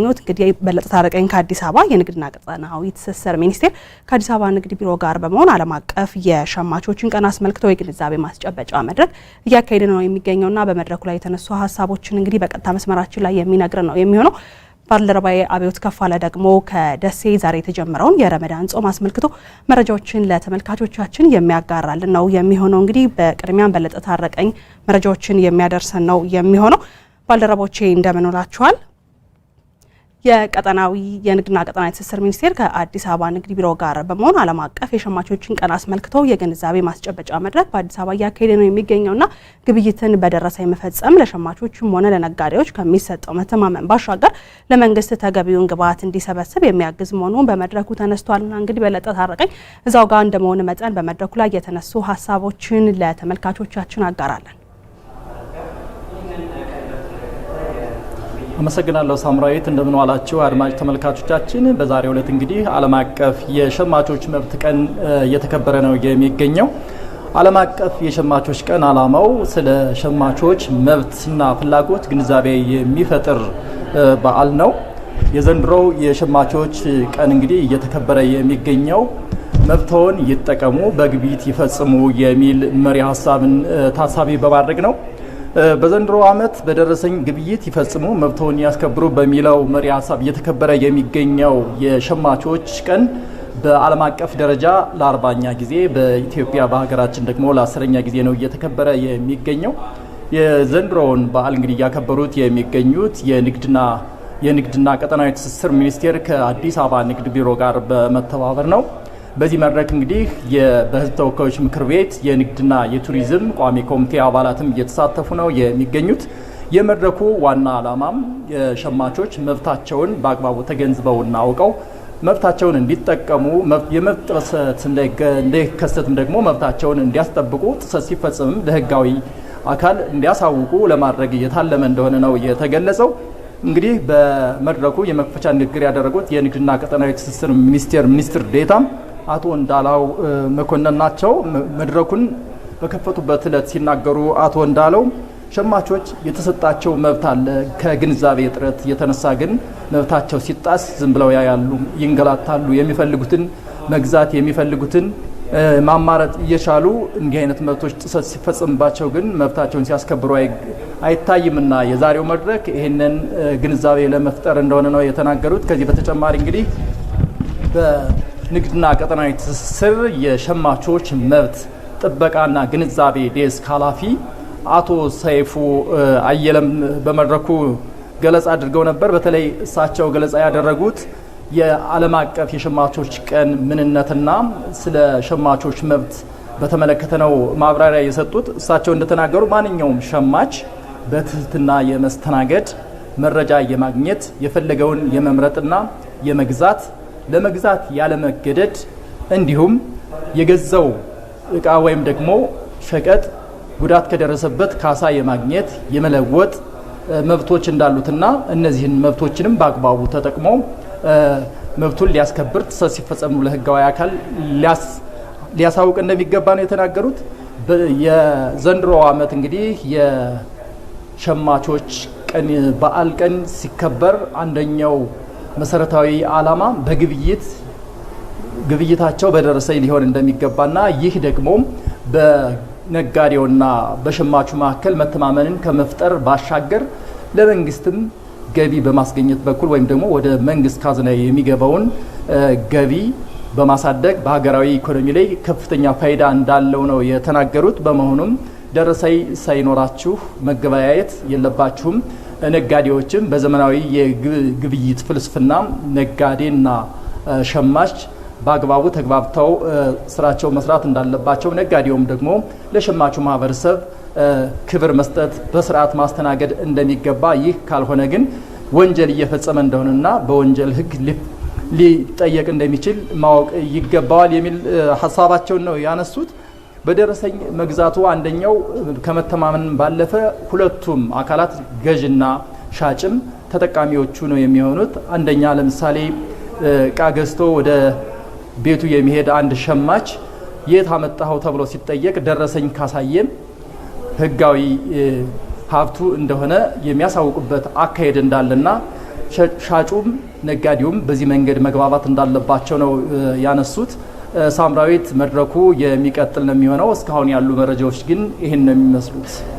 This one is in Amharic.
ኞት እንግዲህ በለጠ ታረቀኝ ከአዲስ አበባ የንግድና ቀጠናዊ ትስስር ሚኒስቴር ከአዲስ አበባ ንግድ ቢሮ ጋር በመሆን ዓለም አቀፍ የሸማቾችን ቀን አስመልክቶ የግንዛቤ ማስጨበጫ መድረክ እያካሄደ ነው የሚገኘውና በመድረኩ ላይ የተነሱ ሀሳቦችን እንግዲህ በቀጥታ መስመራችን ላይ የሚነግር ነው የሚሆነው። ባልደረባዬ አብዮት ከፋለ ደግሞ ከደሴ ዛሬ የተጀመረውን የረመዳን ጾም አስመልክቶ መረጃዎችን ለተመልካቾቻችን የሚያጋራልን ነው የሚሆነው። እንግዲህ በቅድሚያም በለጠ ታረቀኝ መረጃዎችን የሚያደርሰን ነው የሚሆነው። ባልደረቦቼ እንደምንላችኋል። የቀጠናዊ የንግድና ቀጠናዊ ትስስር ሚኒስቴር ከአዲስ አበባ ንግድ ቢሮ ጋር በመሆን ዓለም አቀፍ የሸማቾችን ቀን አስመልክቶ የግንዛቤ ማስጨበጫ መድረክ በአዲስ አበባ እያካሄደ ነው የሚገኘውና ግብይትን በደረሰ የመፈጸም ለሸማቾችም ሆነ ለነጋዴዎች ከሚሰጠው መተማመን ባሻገር ለመንግስት ተገቢውን ግብዓት እንዲሰበስብ የሚያግዝ መሆኑን በመድረኩ ተነስቷልና እንግዲህ በለጠ ታረቀኝ እዛው ጋር እንደመሆን መጠን በመድረኩ ላይ የተነሱ ሀሳቦችን ለተመልካቾቻችን አጋራለን። አመሰግናለሁ ሳምራዊት። እንደምን ዋላችሁ አድማጭ ተመልካቾቻችን። በዛሬው ዕለት እንግዲህ ዓለም አቀፍ የሸማቾች መብት ቀን እየተከበረ ነው የሚገኘው። ዓለም አቀፍ የሸማቾች ቀን ዓላማው ስለ ሸማቾች መብትና ፍላጎት ግንዛቤ የሚፈጥር በዓል ነው። የዘንድሮው የሸማቾች ቀን እንግዲህ እየተከበረ የሚገኘው መብትዎን ይጠቀሙ፣ በግብይት ይፈጽሙ የሚል መሪ ሀሳብን ታሳቢ በማድረግ ነው። በዘንድሮ ዓመት በደረሰኝ ግብይት ይፈጽሙ መብተውን ያስከብሩ በሚለው መሪ ሀሳብ እየተከበረ የሚገኘው የሸማቾች ቀን በዓለም አቀፍ ደረጃ ለአርባኛ ጊዜ በኢትዮጵያ በሀገራችን ደግሞ ለአስረኛ ጊዜ ነው እየተከበረ የሚገኘው። የዘንድሮውን በዓል እንግዲህ እያከበሩት የሚገኙት የንግድና የንግድና ቀጠናዊ ትስስር ሚኒስቴር ከአዲስ አበባ ንግድ ቢሮ ጋር በመተባበር ነው። በዚህ መድረክ እንግዲህ በህዝብ ተወካዮች ምክር ቤት የንግድና የቱሪዝም ቋሚ ኮሚቴ አባላትም እየተሳተፉ ነው የሚገኙት። የመድረኩ ዋና ዓላማም ሸማቾች መብታቸውን በአግባቡ ተገንዝበውና አውቀው መብታቸውን እንዲጠቀሙ የመብት ጥሰት እንዳይከሰትም ደግሞ መብታቸውን እንዲያስጠብቁ ጥሰት ሲፈጽምም ለህጋዊ አካል እንዲያሳውቁ ለማድረግ እየታለመ እንደሆነ ነው የተገለጸው። እንግዲህ በመድረኩ የመክፈቻ ንግግር ያደረጉት የንግድና ቀጠናዊ ትስስር ሚኒስቴር ሚኒስትር ዴታም አቶ እንዳላው መኮንን ናቸው። መድረኩን በከፈቱበት እለት ሲናገሩ አቶ እንዳለው ሸማቾች የተሰጣቸው መብት አለ። ከግንዛቤ እጥረት የተነሳ ግን መብታቸው ሲጣስ ዝም ብለው ያያሉ፣ ይንገላታሉ። የሚፈልጉትን መግዛት የሚፈልጉትን ማማረጥ እየቻሉ እንዲህ አይነት መብቶች ጥሰት ሲፈጽምባቸው ግን መብታቸውን ሲያስከብሩ አይታይምና የዛሬው መድረክ ይህንን ግንዛቤ ለመፍጠር እንደሆነ ነው የተናገሩት። ከዚህ በተጨማሪ እንግዲህ ንግድና ቀጠናዊ ትስስር የሸማቾች መብት ጥበቃና ግንዛቤ ዴስክ ኃላፊ አቶ ሰይፉ አየለም በመድረኩ ገለጻ አድርገው ነበር። በተለይ እሳቸው ገለጻ ያደረጉት የዓለም አቀፍ የሸማቾች ቀን ምንነትና ስለ ሸማቾች መብት በተመለከተ ነው ማብራሪያ የሰጡት። እሳቸው እንደተናገሩ ማንኛውም ሸማች በትህትና የመስተናገድ መረጃ የማግኘት የፈለገውን የመምረጥና የመግዛት ለመግዛት ያለመገደድ እንዲሁም የገዛው እቃ ወይም ደግሞ ሸቀጥ ጉዳት ከደረሰበት ካሳ የማግኘት የመለወጥ መብቶች እንዳሉትና እነዚህን መብቶችንም በአግባቡ ተጠቅሞ መብቱን ሊያስከብር ጥሰት ሲፈጸሙ ለህጋዊ አካል ሊያሳውቅ እንደሚገባ ነው የተናገሩት። የዘንድሮ ዓመት እንግዲህ የሸማቾች ቀን በዓል ቀን ሲከበር አንደኛው መሰረታዊ አላማ በግብይት ግብይታቸው በደረሰኝ ሊሆን እንደሚገባና ይህ ደግሞ በነጋዴውና በሸማቹ መካከል መተማመንን ከመፍጠር ባሻገር ለመንግስትም ገቢ በማስገኘት በኩል ወይም ደግሞ ወደ መንግስት ካዝና የሚገባውን ገቢ በማሳደግ በሀገራዊ ኢኮኖሚ ላይ ከፍተኛ ፋይዳ እንዳለው ነው የተናገሩት። በመሆኑም ደረሰኝ ሳይኖራችሁ መገበያየት የለባችሁም። ነጋዴዎችም በዘመናዊ የግብይት ፍልስፍና ነጋዴና ሸማች በአግባቡ ተግባብተው ስራቸው መስራት እንዳለባቸው፣ ነጋዴውም ደግሞ ለሸማቹ ማህበረሰብ ክብር መስጠት፣ በስርዓት ማስተናገድ እንደሚገባ ይህ ካልሆነ ግን ወንጀል እየፈጸመ እንደሆነና በወንጀል ህግ ሊጠየቅ እንደሚችል ማወቅ ይገባዋል የሚል ሀሳባቸውን ነው ያነሱት። በደረሰኝ መግዛቱ አንደኛው ከመተማመን ባለፈ ሁለቱም አካላት ገዥና ሻጭም ተጠቃሚዎቹ ነው የሚሆኑት። አንደኛ ለምሳሌ እቃ ገዝቶ ወደ ቤቱ የሚሄድ አንድ ሸማች የት አመጣኸው ተብሎ ሲጠየቅ ደረሰኝ ካሳየም ህጋዊ ሀብቱ እንደሆነ የሚያሳውቁበት አካሄድ እንዳለና ሻጩም ነጋዴውም በዚህ መንገድ መግባባት እንዳለባቸው ነው ያነሱት። ሳምራዊት መድረኩ የሚቀጥል ነው የሚሆነው። እስካሁን ያሉ መረጃዎች ግን ይህን ነው የሚመስሉት።